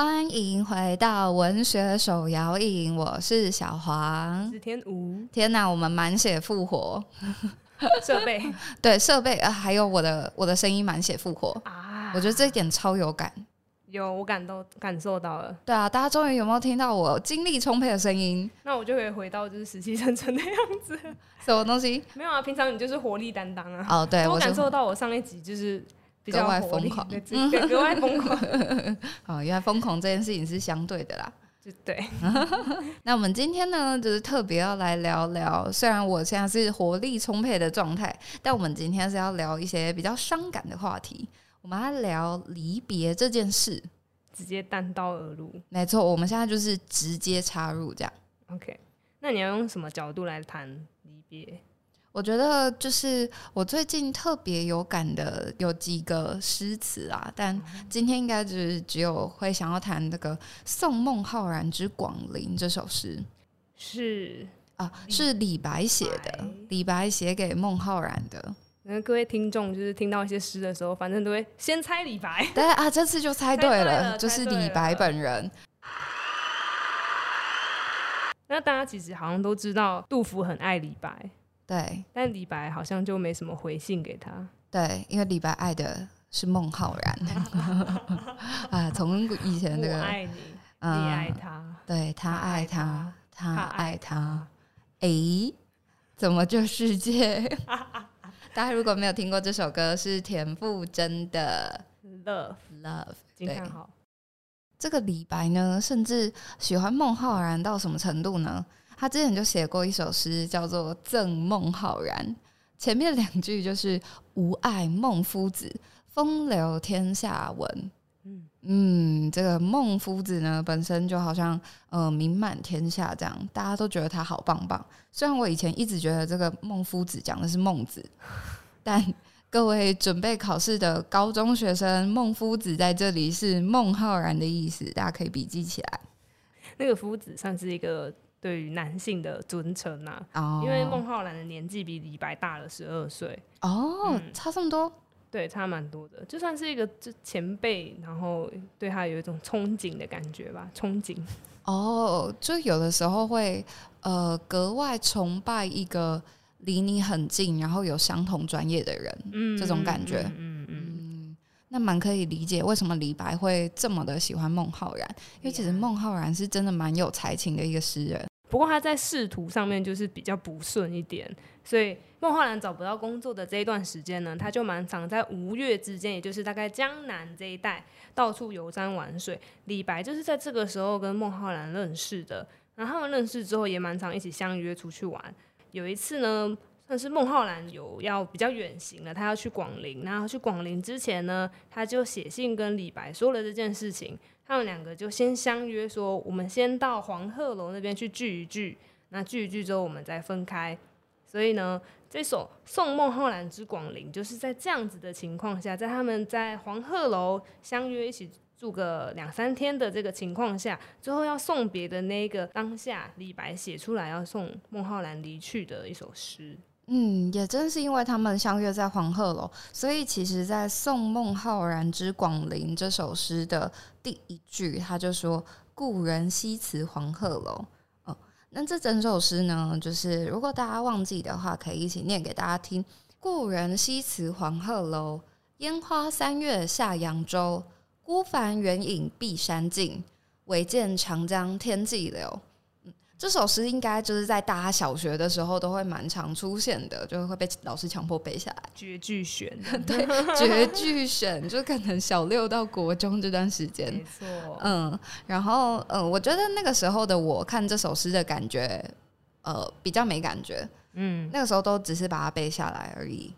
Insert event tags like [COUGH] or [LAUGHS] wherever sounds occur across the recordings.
歡迎回到文學手搖椅，我是小黃。是天吳，天哪，我們滿血復活！ [LAUGHS] [LAUGHS] 設備，對設備啊，還有我的我的聲音滿血復活啊！我覺得這一點超有感，有我感到感受到了。對啊，大家終於有沒有聽到我精力充沛的聲音？那我就可以回到就是死氣沉沉的樣子。 [LAUGHS] 什麼東西？沒有啊，平常你就是活力擔當啊。哦，對我感受到我上一集就是。格外瘋狂， [LAUGHS] 格外瘋狂。 [LAUGHS] [LAUGHS] 好，原來瘋狂這件事情是相對的啦，對。 [LAUGHS] 那我們今天呢，就是特別要來聊聊。雖然我現在是活力充沛的狀態，但我們今天是要聊一些比較傷感的話題。我們要聊離別這件事，直接單刀而入，沒錯。我們現在就是直接插入這樣。OK，那你要用什麼角度來談離別？我覺得就是我最近特別有感的，有幾個詩詞啊，但今天應該是只有會想要談這、那個《送孟浩然之廣陵》這首詩。是啊，是李白寫的，李白寫給孟浩然的。那各位聽眾就是聽到一些詩的時候，反正都會先猜李白， [LAUGHS] 但啊，這次就猜對了，猜猜了就是李白本人。那大家其實好像都知道，杜甫很愛李白。對，但李白好像就沒什麼回信給他。對，因為李白愛的是孟浩然。啊、 [LAUGHS] [LAUGHS] 呃，從以前的那個，嗯、呃，他愛他，對，他愛他，他愛他。哎、欸，怎麼就世界？ [LAUGHS] [LAUGHS] 大家如果沒有聽過這首歌，是田馥甄的《Love Love》，非常好。對，這個李白呢，甚至喜歡孟浩然到什麼程度呢？他之前就寫過一首詩，叫做《贈孟浩然》，前面兩句就是“吾愛孟夫子，風流天下聞。”嗯嗯，這個孟夫子呢，本身就好像呃名滿天下，這樣大家都覺得他好棒棒。雖然我以前一直覺得這個孟夫子講的是孟子，但各位準備考試的高中學生，孟夫子在這裡是孟浩然的意思，大家可以筆記起來。那個夫子像是一個。對於男性的尊稱吶、啊，oh. 因為孟浩然的年紀比李白大了十二歲哦，oh, 嗯、差這麼多，對，差蠻多的，就算是一個前輩，然後對他有一種憧憬的感覺吧，憧憬。哦，oh, 就有的時候會呃格外崇拜一個離你很近，然後有相同專業的人，mm hmm. 這種感覺。那蠻可以理解為什麼李白會這麼的喜歡孟浩然，因為其實孟浩然是真的蠻有才情的一個詩人。Yeah. 不過他在仕途上面就是比較不順一點，所以孟浩然找不到工作的這一段時間呢，他就蠻常在吳越之間，也就是大概江南這一帶到處游山玩水。李白就是在這個時候跟孟浩然認識的，然後他們認識之後也蠻常一起相約出去玩。有一次呢。但是孟浩然有要比較遠行了，他要去廣陵。然後去廣陵之前呢，他就寫信跟李白說了這件事情。他們兩個就先相約說，我們先到黃鶴樓那邊去聚一聚。那聚一聚之後，我們再分開。所以呢，這首《送孟浩然之廣陵》就是在這樣子的情況下，在他們在黃鶴樓相約一起住個兩三天的這個情況下，最後要送別的那一個當下，李白寫出來要送孟浩然離去的一首詩。嗯，也正是因為他們相約在黃鶴樓，所以其實，在《送孟浩然之廣陵》這首詩的第一句，他就說：“故人西辭黃鶴樓。”哦，嗯，那這整首詩呢，就是如果大家忘記的話，可以一起念給大家聽：“故人西辭黃鶴樓，煙花三月下揚州。孤帆遠影碧山盡，唯見長江天際流。”這首詩應該就是在大家小學的時候都會蠻常出現的，就會被老師強迫背下來。絕句選， [LAUGHS] 對，絕句選，就可能小六到國中這段時間，沒錯，嗯，然後嗯，我覺得那個時候的我看這首詩的感覺，呃，比較沒感覺，嗯，那個時候都只是把它背下來而已。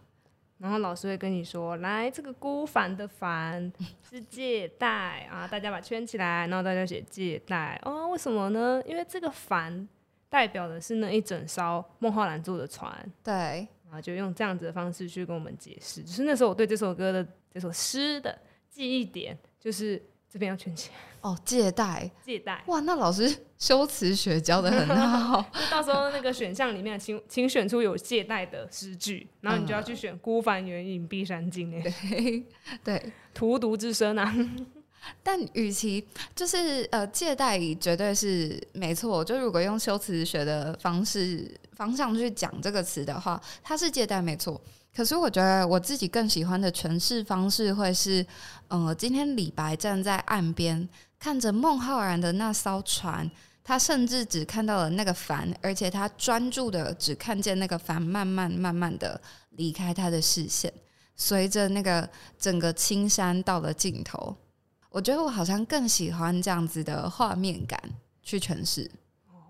然後老師會跟你說：“來，這個孤帆的帆是借代 [LAUGHS] 啊，大家把圈起來，然後大家就寫借代哦。為什麼呢？因為這個帆代表的是那一整艘孟浩然坐的船。對，然後就用這樣子的方式去跟我們解釋。就是那時候我對這首歌的這首詩的記憶點就是。”這邊要圈起來哦，借代、借代怠，哇，那老師修辭學教得很好。 [LAUGHS] 就到時候那個選項裡面的，請請選出有借代的詩句，然後你就要去選“孤帆遠影碧山盡”哎、嗯，對，荼毒之深啊。但與其就是呃，借代絕對是沒錯。就如果用修辭學的方式方向去講這個詞的話，它是借代沒錯。可是我覺得我自己更喜歡的詮釋方式會是，呃，今天李白站在岸邊看着孟浩然的那艘船，他甚至只看到了那個帆，而且他專注的只看見那個帆慢慢慢慢的離開他的視線，隨着那個整個青山到了盡頭，我覺得我好像更喜歡這樣子的畫面感去詮釋。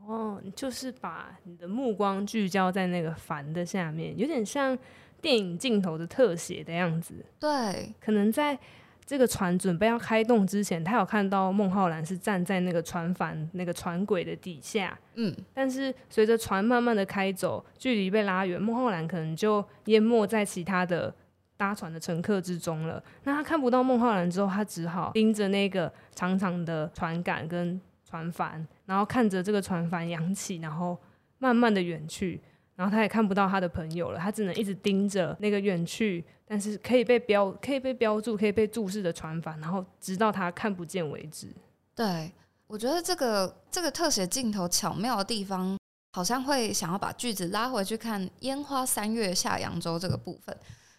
哦，就是把你的目光聚焦在那個帆的下面，有點像。電影鏡頭的特寫的樣子，對，可能在這個船準備要開動之前，他有看到孟浩然，是站在那個船帆，那個船軌的底下，嗯，但是隨着船慢慢的開走，距離被拉遠，孟浩然可能就淹沒在其他的搭船的乘客之中了。那他看不到孟浩然之後，他只好盯着那個長長的船杆跟船帆，然後看着這個船帆揚起，然後慢慢的遠去。然後他也看不到他的朋友了，他只能一直盯着那個遠去，但是可以被標、可以被標注、可以被注視的船帆，然後直到他看不見為止。對，我覺得這個這個特寫鏡頭巧妙的地方，好像會想要把句子拉回去看“煙花三月下揚州”這個部分，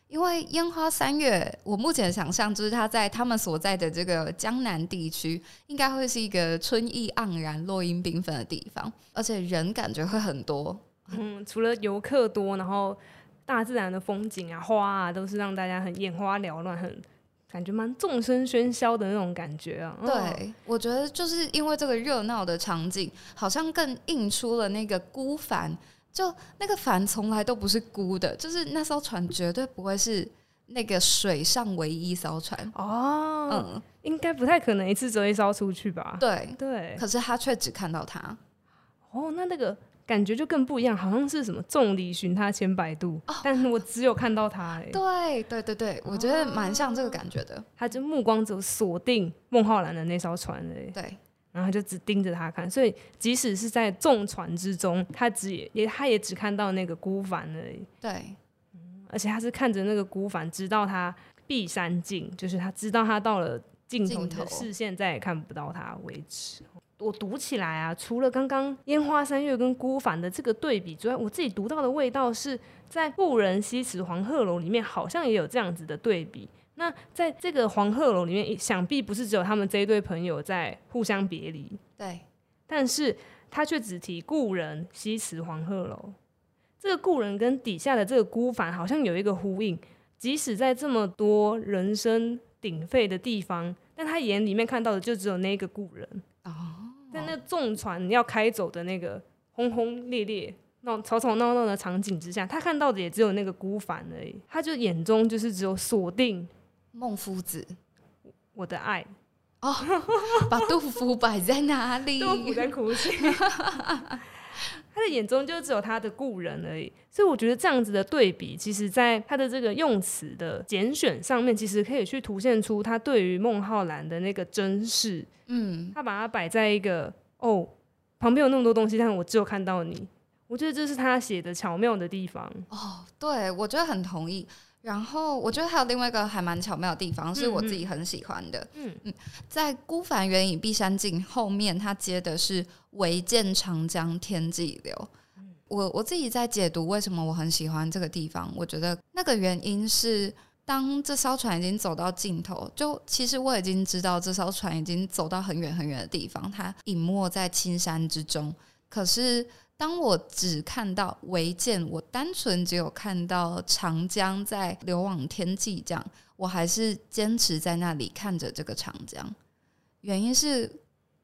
因為“煙花三月”，我目前想象就是他在他們所在的這個江南地區，應該會是一個春意盎然、落英繽紛的地方，而且人感覺會很多。嗯，除了遊客多，然後大自然的風景啊、花啊，都是讓大家很眼花繚亂，很感覺蠻眾生喧囂的那種感覺啊。對，嗯、我覺得就是因為這個熱鬧的場景，好像更映出了那個孤帆，就那個帆從來都不是孤的，就是那艘船絕對不會是那個水上唯一一艘船哦。嗯，應該不太可能一次只會一艘出去吧？對對。對，可是他卻只看到他哦，那那個。感覺就更不一樣，好像是什麼眾裡尋他千百度，oh, 但我只有看到他哎、欸。對對對對，我覺得蠻像這個感覺的。哦、他就目光就鎖定孟浩然的那艘船而已、欸，對。然後就只盯着他看，所以即使是在眾船之中，他只也他也只看到那個孤帆而已。對。而且他是看着那個孤帆，直到他碧山盡，就是他知道他到了盡頭，視線再也看不到他為止。我讀起來啊，除了剛剛煙花三月跟孤帆的這個對比之外，我自己讀到的味道是在故人西辭黃鶴樓裡面，好像也有這樣子的對比。那在這個黃鶴樓裡面，想必不是只有他們這一對朋友在互相別離。對，但是他卻只提故人西辭黃鶴樓，這個故人跟底下的這個孤帆好像有一個呼應。即使在這麼多人聲鼎沸的地方，但他眼裡面看到的就只有那個故人。那眾船要開走的那個轟轟烈，烈烈、鬧吵吵鬧鬧的場景之下，他看到的也只有那個孤帆而已。他就眼中就是只有鎖定孟夫子， [LAUGHS] 我的愛哦， [LAUGHS] 把杜甫擺在哪裡？杜甫在哭泣。 [LAUGHS] [LAUGHS] [LAUGHS] 他的眼中就只有他的故人而已。所以我覺得這樣子的對比，其實在他的這個用詞的揀選上面，其實可以去凸顯出他對於孟浩然的那個珍視。嗯，他把它擺在一個。哦，oh, 旁邊有那麼多東西，但我只有看到你。我覺得這是他寫的巧妙的地方。哦，oh, 對，我覺得很同意。然後我覺得還有另外一個還蠻巧妙的地方，是我自己很喜歡的。嗯嗯，嗯在“孤帆遠影碧山盡”後面，他接的是“唯見長江天際流”我，我我自己在解讀為什麼我很喜歡這個地方。我覺得那個原因是。當這艘船已經走到盡頭，就其實我已經知道這艘船已經走到很遠很遠的地方，它隱沒在青山之中。可是，當我只看到唯見，我單純只有看到長江在流往天際，這樣我還是堅持在那裡看着這個長江。原因是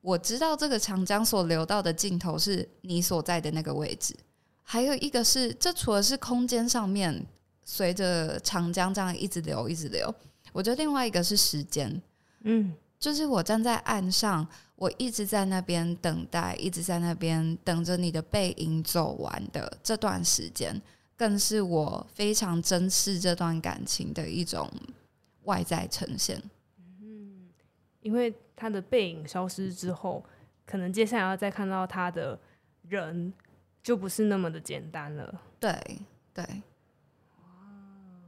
我知道這個長江所流到的盡頭是你所在的那個位置。還有一個是，這除了是空間上面。隨着長江這樣一直流，一直流。我覺得另外一個是時間，嗯，就是我站在岸上，我一直在那邊等待，一直在那邊等着你的背影走完的這段時間，更是我非常珍視這段感情的一種外在呈現。嗯，因為他的背影消失之後，可能接下來要再看到他的人，就不是那麼的簡單了。對，對。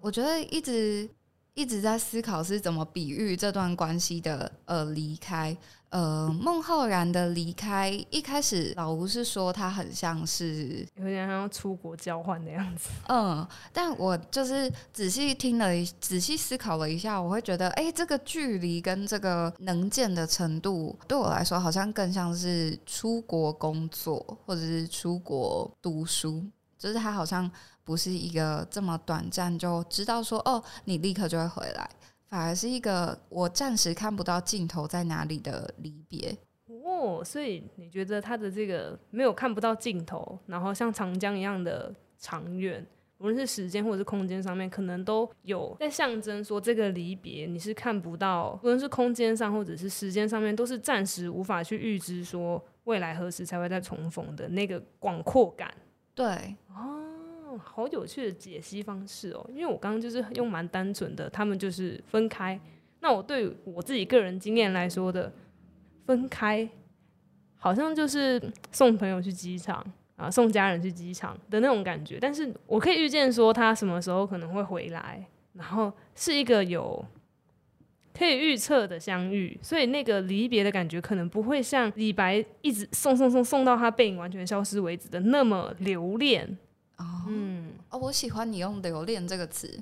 我覺得一直一直在思考是怎麼比喻這段關係的，呃，離開，呃孟浩然的離開。一開始老吳是說他很像是有點像要出國交換的樣子，嗯，但我就是仔細聽了，仔細思考了一下，我會覺得哎、欸、這個距離跟這個能見的程度，對我來說好像更像是出國工作或者是出國讀書。就是他好像不是一個這麼短暫，就知道說哦，你立刻就會回來，反而是一個我暫時看不到盡頭在哪裡的離別。哦，所以你覺得他的這個沒有看不到盡頭，然後像長江一樣的長遠，無論是時間或者是空間上面，可能都有在象徵說這個離別，你是看不到，無論是空間上或者是時間上面，都是暫時無法去預知說未來何時才會再重逢的那個廣闊感。對哦，好有趣的解析方式哦，因為我剛剛就是用蠻單純的，他們就是分開。那我對我自己個人經驗來說的分開，好像就是送朋友去機場啊，送家人去機場的那種感覺。但是我可以預見說他什麼時候可能會回來，然後是一個有。可以預測的相遇，所以那個離別的感覺可能不會像李白一直送送送送到他背影完全消失為止的那麼留戀啊。Oh, 嗯，哦，oh, 我喜歡你用“留戀”這個詞，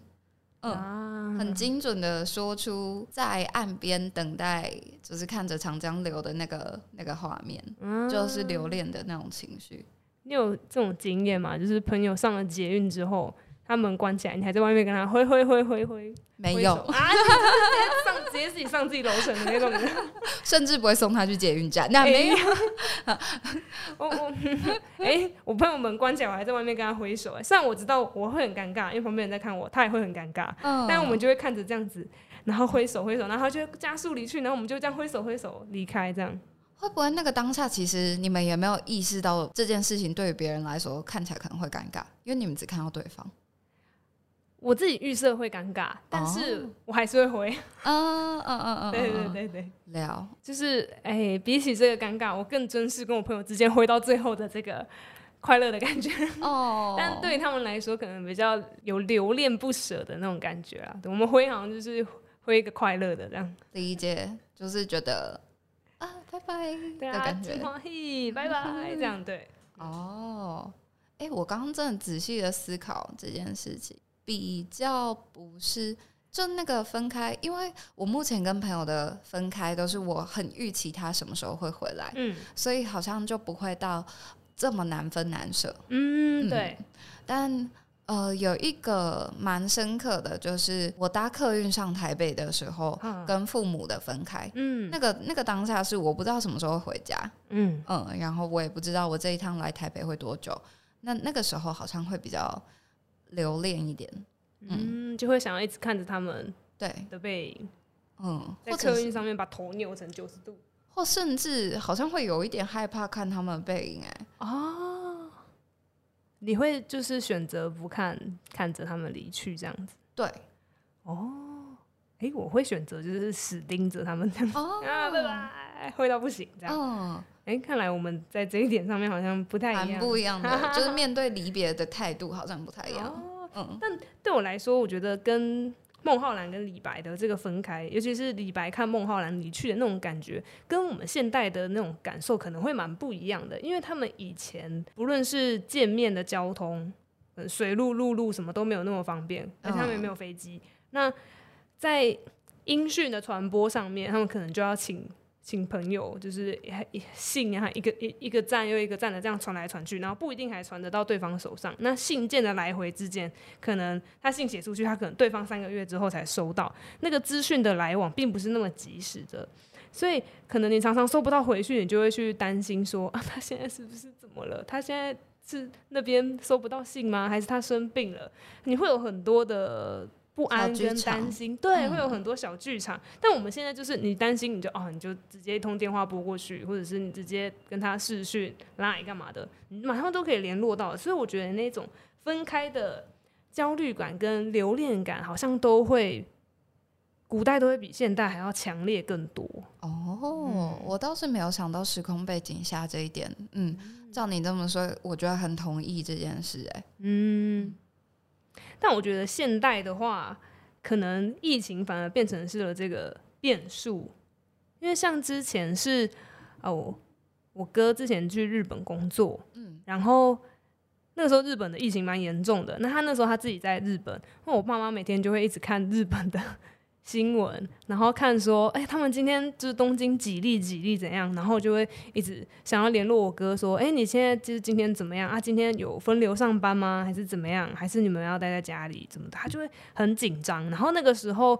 嗯，ah. 很精準的說出在岸邊等待，就是看着長江流的那個那個畫面，嗯，ah. 就是留戀的那種情緒。你有這種經驗嗎？就是朋友上了捷運之後，他門關起來，你還在外面跟他揮揮揮揮揮，沒有啊？直接自己上自己樓層的那種的， [LAUGHS] 甚至不會送他去捷運站，那沒有、欸。 [LAUGHS] 我我哎、欸，我朋友門關起來，我還在外面跟他揮手、欸。哎，雖然我知道我會很尷尬，因為旁邊人在看我，他也會很尷尬。嗯、呃，但我們就會看着這樣子，然後揮手揮手，然後他就加速離去，然後我們就這樣揮手揮手離開。這樣會不會那個當下，其實你們也沒有意識到這件事情對於別人來說看起來可能會尷尬，因為你們只看到對方。我自己預設會尷尬，但是我還是會回。嗯嗯嗯嗯，對對對對，聊了就是哎、欸，比起這個尷尬，我更珍視跟我朋友之間回到最後的這個快樂的感覺。哦，oh. 但對他們來說，可能比較有留戀不捨的那種感覺啦。對我們回好像就是回一個快樂的這樣理解，就是覺得啊，拜拜，對啊，小黃嘿，拜拜，bye bye, 呵呵這樣對。哦，哎，我剛剛正仔細的思考這件事情。比較不是，就那個分開，因為我目前跟朋友的分開都是我很預期他什麼時候會回來，嗯，所以好像就不會到這麼難分難捨，嗯，對。但呃，有一個蠻深刻的就是我搭客運上台北的時候，啊，跟父母的分開，嗯，那個那個當下是我不知道什麼時候回家，嗯，嗯，然後我也不知道我這一趟來台北會多久，那那個時候好像會比較。留戀一點，嗯，嗯，就會想要一直看着他們對的背影，嗯，在客運上面把頭扭成九十度，或甚至好像會有一點害怕看他們的背影、欸，哎，哦，你會就是選擇不看，看着他們離去這樣子，對，哦，哎、欸，我會選擇就是死盯着他們這樣子，哦、啊，拜拜。哎，會到不行，這樣。哎、嗯欸，看來我們在這一點上面好像不太一樣，不一樣的， [LAUGHS] 就是面對離別的態度好像不太一樣。哦嗯、但對我來說，我覺得跟孟浩然跟李白的這個分開，尤其是李白看孟浩然離去的那種感覺，跟我們現代的那種感受可能會蠻不一樣的。因為他們以前不論是見面的交通，水路，路、陸路什麼都沒有那麼方便，嗯、而且他們也沒有飛機。那在音訊的傳播上面，他們可能就要請，請朋友就是信，啊，然後一個一一個站又一個站的這樣傳來傳去，然後不一定還傳得到對方手上。那信件的來回之間，可能他信寫出去，他可能對方三個月之後才收到。那個資訊的來往並不是那麼及時的，所以可能你常常收不到回訊，你就會去擔心說：啊，他現在是不是怎麼了？他現在是那邊收不到信嗎？還是他生病了？你會有很多的。不安跟擔心，對，會有很多小劇場。嗯、但我們現在就是，你擔心你就哦，你就直接一通電話撥過去，或者是你直接跟他視訊、LINE 幹嘛的，你馬上都可以聯絡到。所以我覺得那種分開的焦慮感跟留戀感，好像都會，古代都會比現代還要強烈更多。哦，嗯、我倒是沒有想到時空背景下這一點。嗯，嗯照你這麼說，我覺得很同意這件事、欸。哎，嗯。但我覺得現代的話，可能疫情反而變成了這個變數，因為像之前是，哦、呃，我哥之前去日本工作，嗯，然後那個時候日本的疫情蠻嚴重的，那他那時候他自己在日本，那我爸媽每天就會一直看日本的。新聞，然後看說，哎、欸，他們今天就是東京幾例幾例怎樣，然後就會一直想要聯絡我哥說，哎、欸，你現在就是今天怎麼樣啊？今天有分流上班嗎？還是怎麼樣？還是你們要待在家裡怎麼的？他就會很緊張，然後那個時候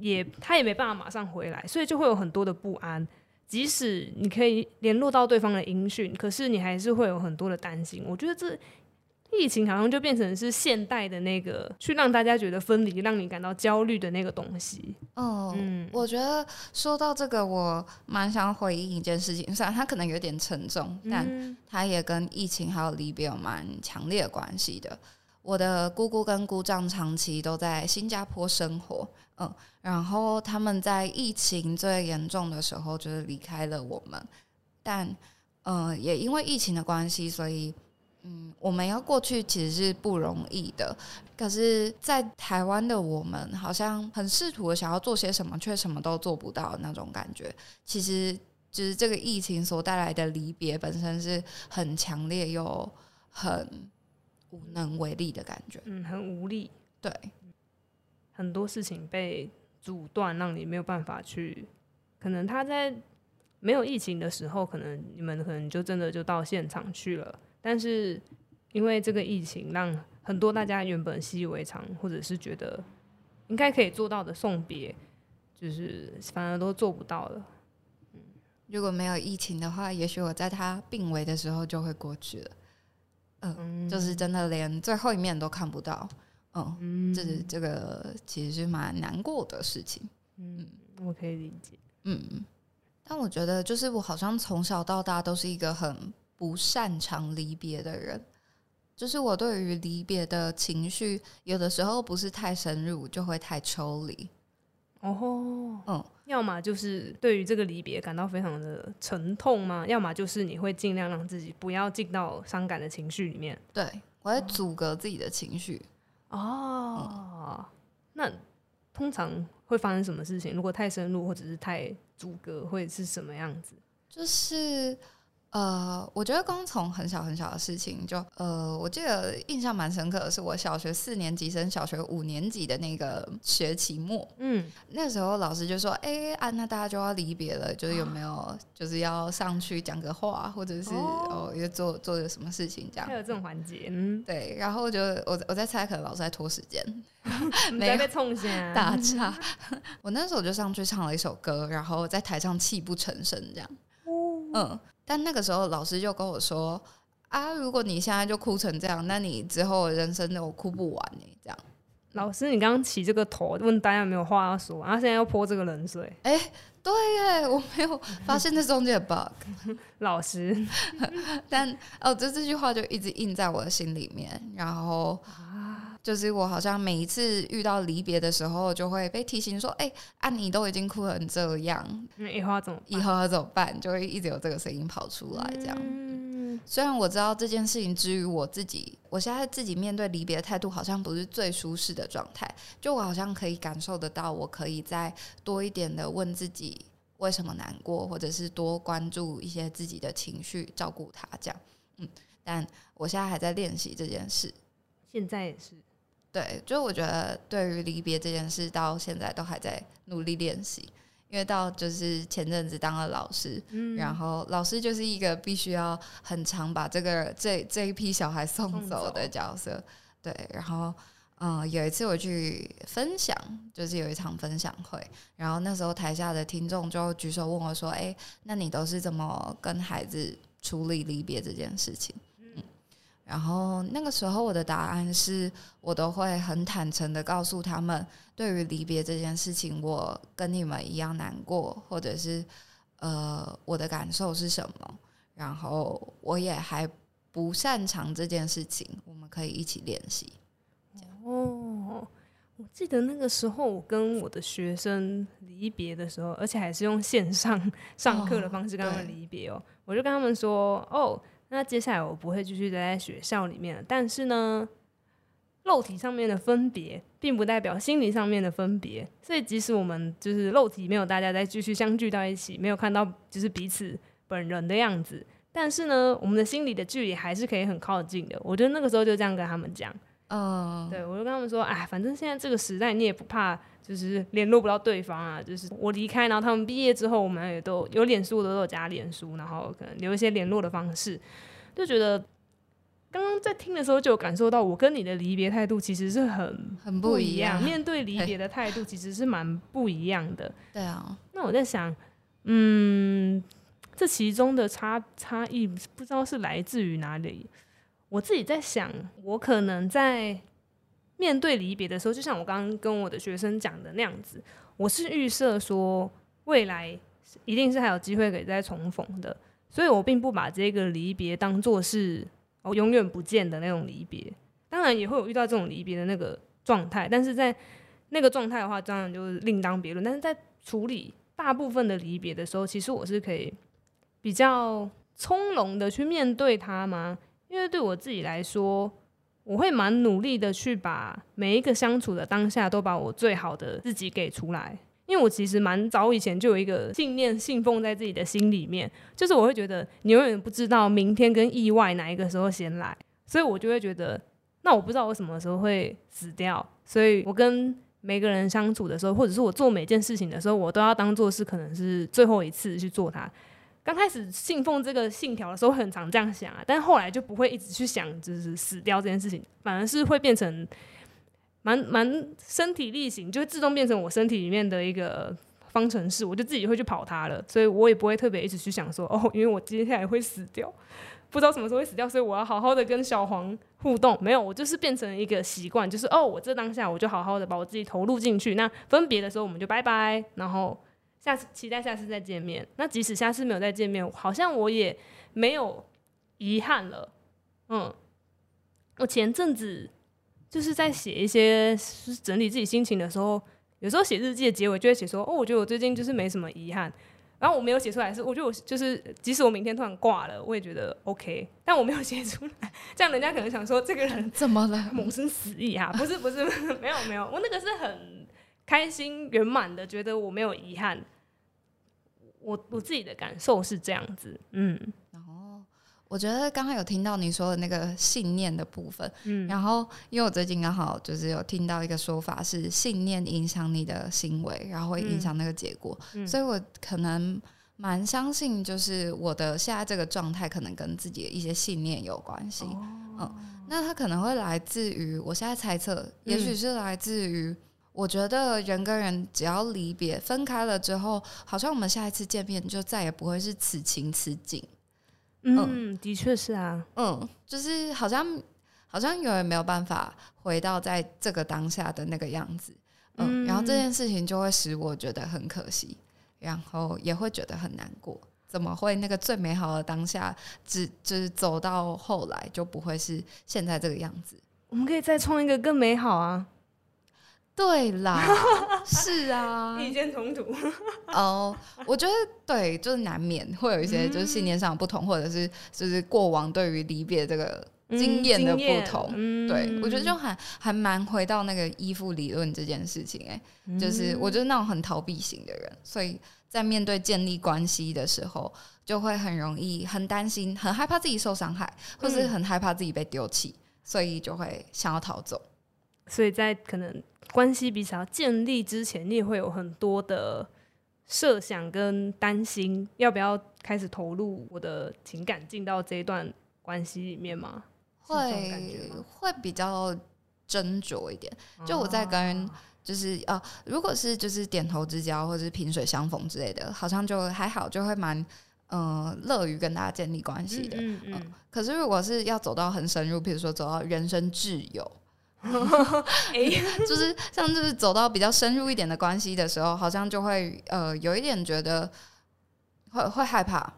也他也沒辦法馬上回來，所以就會有很多的不安。即使你可以聯絡到對方的音訊，可是你還是會有很多的擔心。我覺得這。疫情好像就變成是現代的那個，去讓大家覺得分離，讓你感到焦慮的那個東西。Oh, 嗯，我覺得說到這個，我蠻想回應一件事情。雖然它可能有點沉重，但它也跟疫情還有離別有蠻強烈的關係的。我的姑姑跟姑丈長期都在新加坡生活，嗯，然後他們在疫情最嚴重的時候就是離開了我們，但嗯、呃，也因為疫情的關係，所以。嗯，我們要過去其實是不容易的，可是，在台灣的我們好像很試圖的想要做些什麼，卻什麼都做不到那種感覺，其實就是這個疫情所帶來的離別本身是很強烈又很無能為力的感覺。嗯，很無力。對。嗯，很多事情被阻斷，讓你沒有辦法去。可能他在沒有疫情的時候，可能你們可能就真的就到現場去了。但是，因為這個疫情，讓很多大家原本習以為常，或者是覺得應該可以做到的送別，就是反而都做不到了。嗯，如果沒有疫情的話，也許我在他病危的時候就會過去了。呃、嗯，就是真的連最後一面都看不到。呃、嗯，這是這個其實是蠻難過的事情。嗯，我可以理解。嗯，但我覺得就是我好像從小到大都是一個很。不擅長離別的人，就是我對於離別的情緒，有的時候不是太深入，就會太抽離。哦吼，嗯，要麼就是對於這個離別感到非常的沉痛嗎？要麼就是你會盡量讓自己不要進到傷感的情緒裡面。對，我在阻隔自己的情緒。嗯、哦，嗯、那通常會發生什麼事情？如果太深入或者是太阻隔，會是什麼樣子？就是。呃，我覺得剛從很小很小的事情，就呃，我記得印象蠻深刻的是我小學四年級升小學五年級的那個學期末，嗯，那時候老師就說，哎、欸、啊，那大家就要離別了，就是有沒有就是要上去講個話，或者是哦，要、哦、做做什麼事情這樣，還有這種環節，嗯，對，然後就我我在猜，可能老師在拖時間，沒在 [LAUGHS] [LAUGHS] 被衝下打岔， [LAUGHS] 我那時候就上去唱了一首歌，然後在台上泣不成聲這樣，哦、嗯。但那個時候，老師就跟我說：“啊，如果你現在就哭成這樣，那你之後的人生都哭不完呢、欸。”這樣，嗯、老師，你剛剛起這個頭問大家有沒有話要說，然後、啊、現在又潑這個冷水，哎、欸，對耶，我沒有發現這中間的 bug， [LAUGHS] 老師， [LAUGHS] 但哦，這這句話就一直印在我的心裡面，然後。就是我好像每一次遇到離別的時候，就會被提醒說：“哎、欸，啊，你都已經哭成這樣，嗯、以後要怎麼以後要怎麼辦？”就會一直有這個聲音跑出來，這樣。嗯、雖然我知道這件事情，至於我自己，我現在自己面對離別的態度好像不是最舒適的狀態。就我好像可以感受得到，我可以再多一點的問自己為什麼難過，或者是多關注一些自己的情緒，照顧他這樣。嗯，但我現在還在練習這件事，現在也是。對，就我覺得對於離別這件事，到現在都還在努力練習，因為到就是前陣子當了老師，嗯、然後老師就是一個必須要很常把這個這這一批小孩送走的角色，送走。對，然後嗯、呃，有一次我去分享，就是有一場分享會，然後那時候台下的聽眾就舉手問我說，哎，那你都是怎麼跟孩子處理離別這件事情？然後那個時候我的答案是，我都會很坦誠地告訴他們，對於離別這件事情，我跟你們一樣難過，或者是，呃，我的感受是什麼？然後我也還不擅長這件事情，我們可以一起練習。哦，我記得那個時候我跟我的學生離別的時候，而且還是用線上上課的方式跟他們離別哦，哦，我就跟他們說，哦。那接下來我不會繼續待在學校裡面了，但是呢，肉體上面的分別並不代表心理上面的分別。所以即使我們就是肉體沒有大家再繼續相聚到一起，沒有看到就是彼此本人的樣子，但是呢，我們的心理的距離還是可以很靠近的。我覺得那個時候就這樣跟他們講，嗯、uh，對我就跟他們說，哎，反正現在這個時代你也不怕，就是聯絡不到對方啊，就是我離開，然後他們畢業之後，我們也都有，有臉書的，都有加臉書，然後可能留一些聯絡的方式，就覺得剛剛在聽的時候就有感受到，我跟你的離別態度其實是很不很不一樣，面對離別的態度其實是蠻不一樣的。對啊，那我在想，嗯，這其中的差差異不知道是來自於哪裡，我自己在想，我可能在。面對離別的時候，就像我剛剛跟我的學生講的那樣子，我是預設說未來一定是還有機會可以再重逢的，所以我並不把這個離別當做是我永遠不見的那種離別。當然也會有遇到這種離別的那個狀態，但是在那個狀態的話，當然就是另當別論。但是在處理大部分的離別的時候，其實我是可以比較從容的去面對它嘛，因為對我自己來說。我會蠻努力的去把每一個相處的當下都把我最好的自己給出來，因為我其實蠻早以前就有一個信念信奉在自己的心裡面，就是我會覺得你永遠不知道明天跟意外哪一個時候先來，所以我就會覺得那我不知道我什麼時候會死掉，所以我跟每個人相處的時候，或者是我做每件事情的時候，我都要當做是可能是最後一次去做它。剛開始信奉這個信條的時候，很常這樣想啊，但後來就不會一直去想，就是死掉這件事情，反而是會變成蠻蠻身體力行，就會自動變成我身體裡面的一個方程式，我就自己會去跑它了。所以我也不會特別一直去想說，哦，因為我接下來會死掉，不知道什麼時候會死掉，所以我要好好的跟小黃互動。沒有，我就是變成一個習慣，就是哦，我這當下我就好好的把我自己投入進去。那分別的時候，我們就拜拜，然後。下次期待下次再見面。那即使下次沒有再見面，好像我也沒有遺憾了。嗯，我前陣子就是在寫一些整理自己心情的時候，有時候寫日記的結尾就會寫說：“哦，我覺得我最近就是沒什麼遺憾。”然後我沒有寫出來是，我覺得我就是即使我明天突然掛了，我也覺得 OK。但我沒有寫出來，這樣人家可能想說這個人怎麼了，萌生死意啊？不是，不是不是，沒有沒有，我那個是很開心圓滿的，覺得我沒有遺憾。我我自己的感受是這樣子，嗯，然後我覺得剛剛有聽到你說的那個信念的部分，嗯，然後因為我最近剛好就是有聽到一個說法是信念影響你的行為，然後會影響那個結果，嗯、所以我可能蠻相信，就是我的現在這個狀態可能跟自己的一些信念有關係，哦、嗯，那它可能會來自於，我現在猜測，也許是來自於、嗯。我覺得人跟人只要離別分開了之後，好像我們下一次見面就再也不會是此情此景。嗯，嗯，的確是啊。嗯，就是好像好像永遠沒有辦法回到在這個當下的那個樣子。嗯，嗯，然後這件事情就會使我覺得很可惜，然後也會覺得很難過。怎麼會那個最美好的當下只，只、就是走到後來就不會是現在這個樣子？我們可以再創一個更美好啊。嗯對啦， [LAUGHS] 是啊，意見衝突哦。我覺得對，就是難免會有一些就是信念上不同，嗯、或者是就是過往對於離別這個經驗的不同。嗯、對、嗯、我覺得就還還蠻回到那個依附理論這件事情誒、欸、嗯、就是我就是那種很逃避型的人，所以在面對建立關係的時候，就會很容易很擔心、很害怕自己受傷害，或是很害怕自己被丟棄，所以就會想要逃走。所以在可能關係彼此要建立之前，你也會有很多的設想跟擔心，要不要開始投入我的情感進到這一段關係裡面嗎？會，是這種感覺嗎？會比較斟酌一點。就我在跟就是啊、呃，如果是就是點頭之交或是萍水相逢之類的，好像就還好，就會蠻嗯樂於跟大家建立關係的。嗯,嗯,嗯、呃。可是如果是要走到很深入，比如說走到人生摯友。哎， [LAUGHS] 就是像，就是走到比較深入一點的關係的時候，好像就會呃，有一點覺得會會害怕，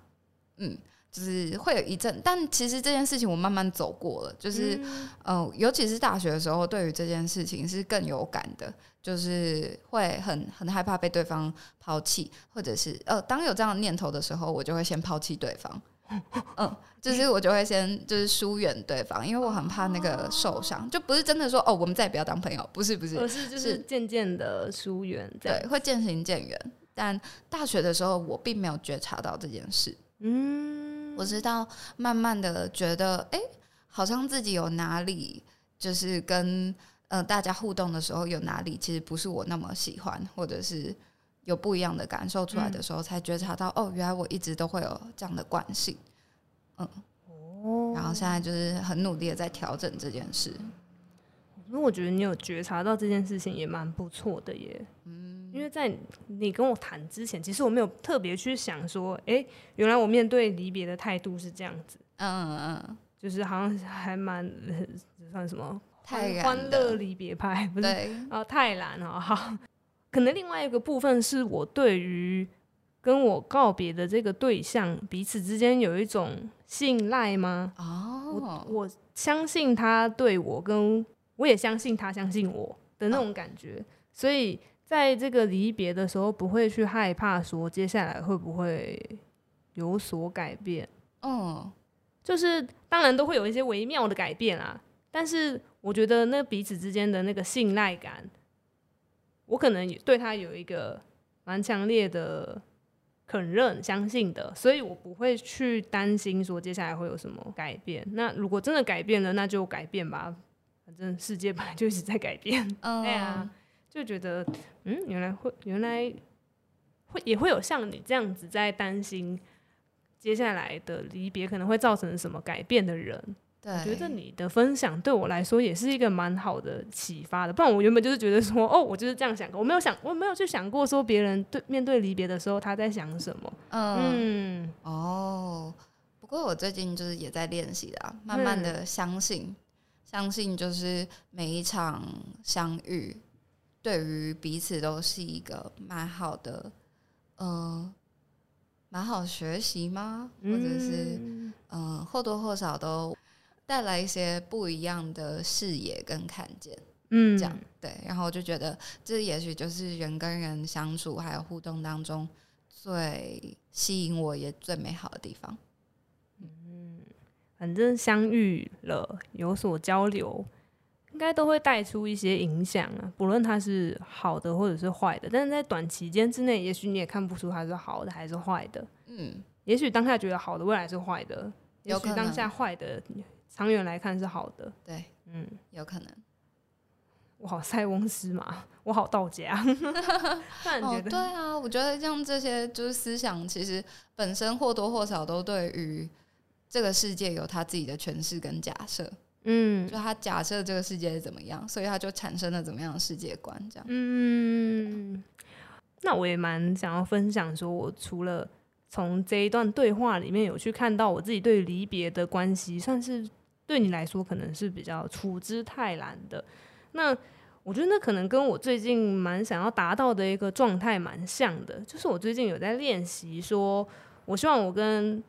嗯，就是會有一陣。但其實這件事情我慢慢走過了，就是、呃、尤其是大學的時候，對於這件事情是更有感的，就是會很很害怕被對方拋棄，或者是呃，當有這樣的念頭的時候，我就會先拋棄對方。嗯、 [LAUGHS] 哦，就是我就會先就是疏遠對方，因為我很怕那個受傷，就不是真的說哦，我們再也不要當朋友，不是不是，我是就是漸漸的疏遠，是對，會漸行漸遠。但大學的時候，我並沒有覺察到這件事。嗯，我知道慢慢的覺得，哎，好像自己有哪裡就是跟呃大家互動的時候有哪裡，其實不是我那麼喜歡，或者是。有不一樣的感受出來的時候，嗯、才覺察到哦，原來我一直都會有這樣的慣性，嗯，哦、然後現在就是很努力的在調整這件事。因為我覺得你有覺察到這件事情也蠻不錯的耶，嗯，因為在你跟我談之前，其實我沒有特別去想說，哎、欸，原來我面對離別的態度是這樣子，嗯嗯嗯，就是好像還蠻、呃、算什麼，太歡樂離別派，不是對啊，太難、喔，了。哈。可能另外一個部分是我對於跟我告別的這個對象彼此之間有一種信賴嗎？哦，我,我相信他對我，跟我也相信他相信我的那種感覺，oh. 所以在這個離別的時候不會去害怕說接下來會不會有所改變。嗯，哦。就是當然都會有一些微妙的改變啊，但是我覺得那彼此之間的那個信賴感。我可能也對他有一個蠻強烈的肯認、相信的，所以我不會去擔心說接下來會有什麼改變。那如果真的改變了，那就改變吧，反正世界本來就一直在改變。嗯、對啊，就覺得嗯，原來會，原來會也會有像你這樣子在擔心接下來的離別可能會造成什麼改變的人。我覺得你的分享對我來說也是一個蠻好的啟發的，不然我原本就是覺得說，哦，我就是這樣想，我沒有想，我沒有去想過說別人對面對離別的時候他在想什麼？呃、嗯，哦，不過我最近就是也在練習的、啊，慢慢的相信，嗯、相信就是每一場相遇對於彼此都是一個蠻好的，嗯、呃，蠻好學習嗎？嗯、或者是嗯、呃，或多或少都，帶來一些不一樣的視野跟看見，嗯，這樣對，然後我就覺得這也許就是人跟人相處還有互動當中最吸引我也最美好的地方。嗯，反正相遇了有所交流，應該都會帶出一些影響啊，不論它是好的或者是壞的。但是在短期間之內，也許你也看不出它是好的還是壞的。嗯，也許當下覺得好的未來是壞的，也許當下壞的。長遠來看是好的，對，嗯，有可能。我好塞翁失馬，我好道家。 [LAUGHS] [LAUGHS] 哦，對啊，我覺得像這些就是思想，其實本身或多或少都對於這個世界有他自己的詮釋跟假設。嗯，就他假設這個世界是怎麼樣，所以他就產生了怎麼樣的世界觀，這樣。嗯嗯。吧那我也蠻想要分享，說我除了。從這一段對話裡面，有去看到我自己對離別的關係，算是對你來說可能是比較處之泰然的。那我覺得那可能跟我最近蠻想要達到的一個狀態蠻像的，就是我最近有在練習，說我希望我跟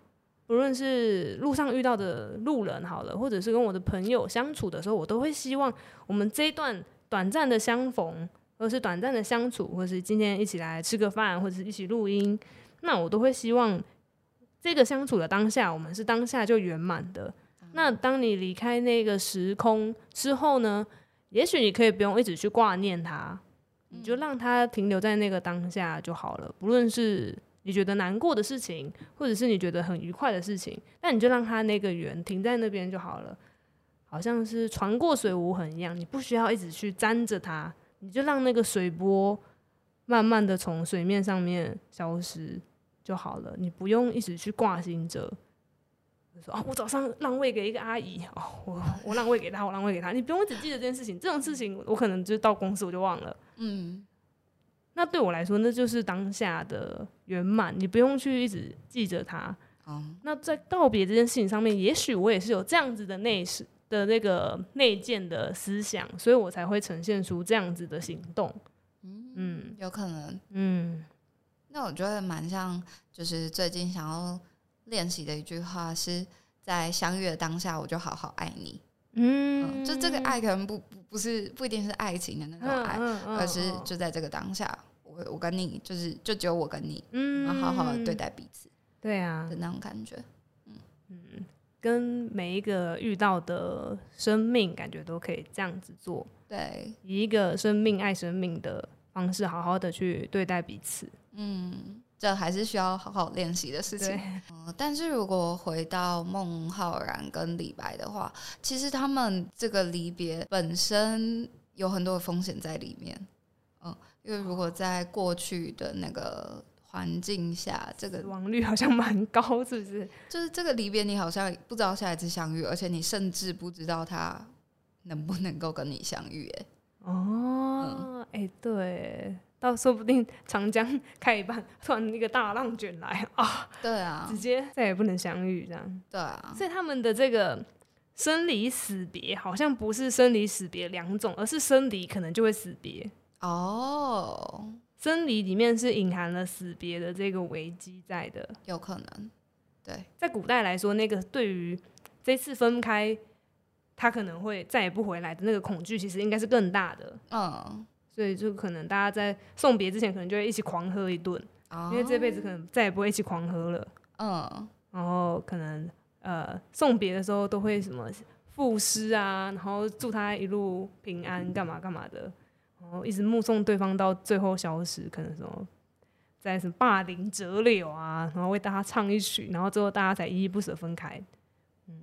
不論是路上遇到的路人好了，或者是跟我的朋友相處的時候，我都會希望我們這一段短暫的相逢，或者是短暫的相處，或是今天一起來吃個飯，或者是一起錄音。那我都會希望，這個相處的當下，我們是當下就圓滿的。嗯、那當你離開那個時空之後呢，也許你可以不用一直去掛念它，嗯、你就讓它停留在那個當下就好了。不論是你覺得難過的事情，或者是你覺得很愉快的事情，那你就讓它那個圓停在那邊就好了，好像是船過水無痕一樣，你不需要一直去沾着它，你就讓那個水波。慢慢的從水面上面消失就好了，你不用一直去掛心着。就說啊，我早上讓位給一個阿姨，哦、啊，我我讓位給她，我讓位給她，給 [LAUGHS] 你不用一直記着這件事情。這種事情，我可能就到公司我就忘了。嗯，那對我來說，那就是當下的圓滿，你不用去一直記着她。嗯、那在道別這件事情上面，也許我也是有這樣子的內是的，那個內建的思想，所以我才會呈現出這樣子的行動。嗯嗯，有可能，嗯，那我覺得蠻像，就是最近想要練習的一句話是，在相遇的當下，我就好好愛你。嗯，嗯，就這個愛可能不不不是，不一定是愛情的那種愛，嗯嗯嗯，而是就在這個當下，我我跟你就是，就只有我跟你，嗯，好好對待彼此，對啊，的那種感覺，嗯嗯，跟每一個遇到的生命感覺都可以這樣子做，對，一個生命愛生命的。方式好好的去對待彼此，嗯，這還是需要好好練習的事情。嗯對、呃，但是如果回到孟浩然跟李白的話，其實他們這個離別本身有很多的風險在裡面。嗯、呃，因為如果在過去的那個環境下，這個死亡率好像蠻高，是不是？就是這個離別，你好像不知道下一次相遇，而且你甚至不知道他能不能夠跟你相遇，哎。哦，哎、oh, 嗯欸，對，到說不定長江開一半，突然一個大浪捲來啊！對啊，直接再也不能相遇這樣。對啊，所以他們的這個生離死別，好像不是生離死別兩種，而是生離可能就會死別哦。Oh、生離裡面是隱含了死別的這個危機在的，有可能。對，在古代來說，那個對於這次分開。他可能會再也不回來的那個恐懼，其實應該是更大的。嗯，oh. 所以就可能大家在送別之前，可能就會一起狂喝一頓，oh. 因為這輩子可能再也不會一起狂喝了。嗯，oh. 然後可能呃送別的時候都會什麼賦詩啊，然後祝他一路平安，幹嘛幹嘛的，然後一直目送對方到最後消失，可能什麼在什麼灞陵折柳啊，然後為大家唱一曲，然後最後大家才依依不捨分開。嗯，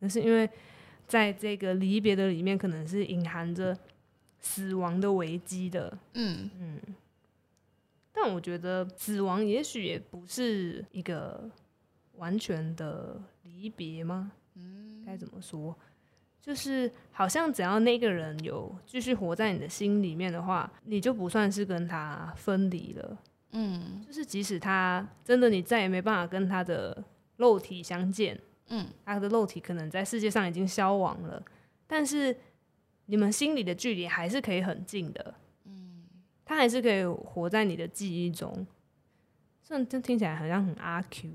那是因為。在這個離別的裡面，可能是隱含着死亡的危機的。嗯嗯，但我覺得死亡也許也不是一個完全的離別嗎？嗯，該怎麼說？就是好像只要那個人有繼續活在你的心裡面的話，你就不算是跟他分離了。嗯，就是即使他真的你再也沒辦法跟他的肉體相見。嗯，他的肉體可能在世界上已經消亡了，但是你們心裡的距離還是可以很近的。嗯，他還是可以活在你的記憶中。雖然這聽起來好像很阿 Q，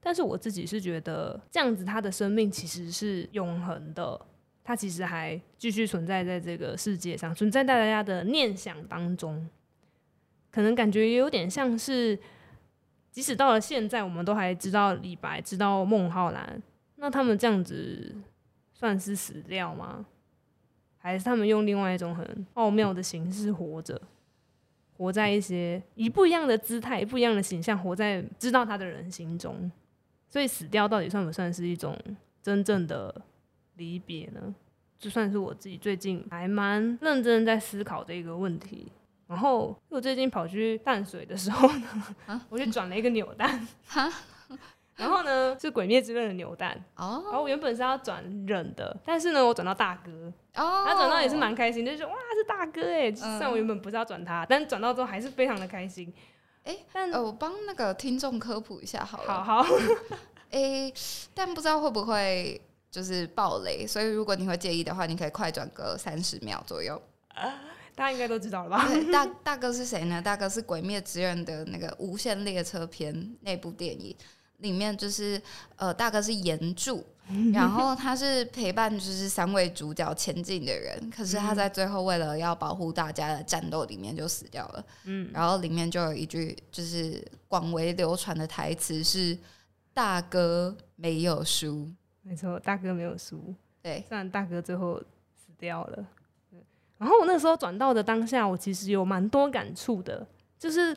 但是我自己是覺得這樣子，他的生命其實是永恆的。他其實還繼續存在在這個世界上，存在在大家的念想當中。可能感覺也有點像是，即使到了現在，我們都還知道李白，知道孟浩然。那他們這樣子算是死掉嗎？還是他們用另外一種很奧妙的形式活着，活在一些以不一樣的姿態、一不一樣的形象，活在知道他的人心中。所以死掉到底算不算是一種真正的離別呢？就算是我自己最近還蠻認真在思考這個問題。然後我最近跑去淡水的時候呢，啊、 [LAUGHS] 我就轉了一個扭蛋，啊嗯、然後呢，是鬼滅《鬼滅之刃》的扭蛋哦。然後我原本是要轉忍的，但是呢，我轉到大哥哦。Oh、他轉到也是蠻開心，就是說哇，是大哥哎，欸！雖然、嗯、我原本不是要轉他，但轉到之後還是非常的開心。哎，欸，但呃，我幫那個聽眾科普一下好了。好好。哎、 [LAUGHS] 欸，但不知道會不會就是爆雷，所以如果你會介意的話，你可以快轉個三十秒左右。啊、呃，大家應該都知道了吧？Okay, 大大哥是誰呢？大哥是《鬼滅之刃》的那個無限列車篇那部電影。裡面就是呃，大哥是炎柱，然後他是陪伴就是三位主角前進的人， [LAUGHS] 可是他在最後為了要保護大家的戰鬥裡面就死掉了。嗯，然後裡面就有一句就是廣為流傳的台詞是“大哥沒有輸”，沒錯，大哥沒有輸。對，雖然大哥最後死掉了。然後我那時候轉到的當下，我其實有蠻多感觸的，就是。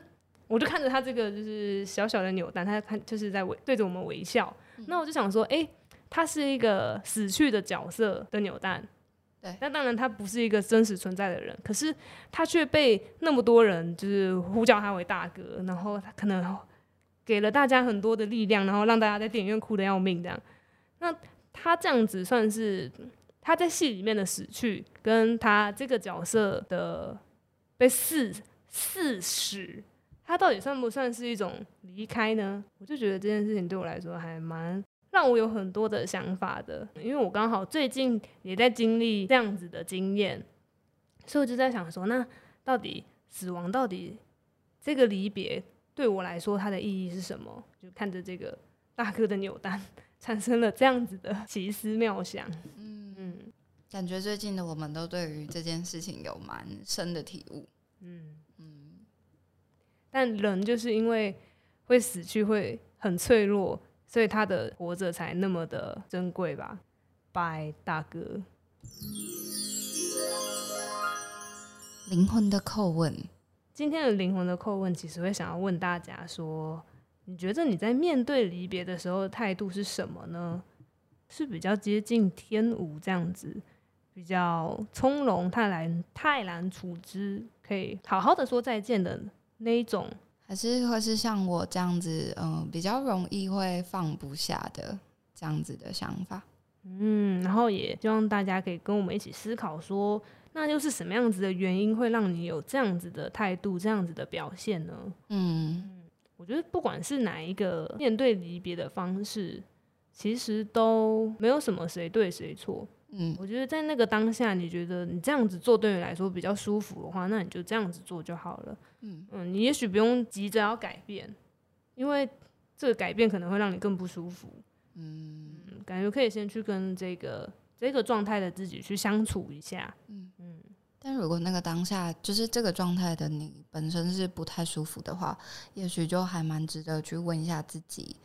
我就看着他這個就是小小的扭蛋，他他就是在微對着我們微笑。嗯、那我就想說，哎、欸，他是一個死去的角色的扭蛋，對。但當然他不是一個真實存在的人，可是他卻被那麼多人就是呼叫他為大哥，然後他可能給了大家很多的力量，然後讓大家在電影院哭得要命這樣。那他這樣子算是他在戲裡面的死去，跟他這個角色的被四四死。他到底算不算是一種離開呢？我就覺得這件事情對我來說還蠻讓我有很多的想法的，因為我剛好最近也在經歷這樣子的經驗，所以我就在想說，那到底死亡，到底這個離別對我來說它的意義是什麼？就看着這個大哥的扭蛋，產生了這樣子的奇思妙想。嗯嗯，嗯感覺最近的我們都對於這件事情有蠻深的體悟。嗯。但人就是因為會死去，會很脆弱，所以他的活着才那麼的珍貴吧。拜大哥，靈魂的叩問。今天的靈魂的叩問，其實會想要問大家說：你覺得你在面對離別的時候的態度是什麼呢？是比較接近天吳這樣子，比較從容泰然泰然處之，可以好好的說再見的。那一種，還是會是像我這樣子，嗯，比較容易會放不下的這樣子的想法，嗯，然後也希望大家可以跟我們一起思考說，說那又是什麼樣子的原因會讓你有這樣子的態度，這樣子的表現呢？嗯，嗯，我覺得不管是哪一個面對離別的方式，其實都沒有什麼誰對誰錯。嗯，我覺得在那個當下，你覺得你這樣子做對你來說比較舒服的話，那你就這樣子做就好了。嗯嗯，你也許不用急着要改變，因為這個改變可能會讓你更不舒服。嗯，嗯，感覺可以先去跟這個這個狀態的自己去相處一下。嗯嗯，嗯，但如果那個當下就是這個狀態的你本身是不太舒服的話，也許就還蠻值得去問一下自己。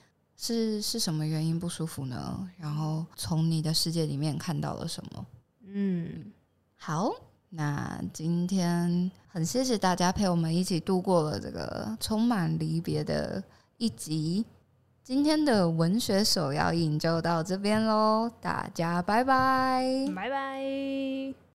是是什麼原因不舒服呢？然後從你的世界裡面看到了什麼？嗯，好，那今天很謝謝大家陪我們一起度過了這個充滿離別的一集。今天的文學手搖飲就到這邊嘍，大家拜拜，拜拜。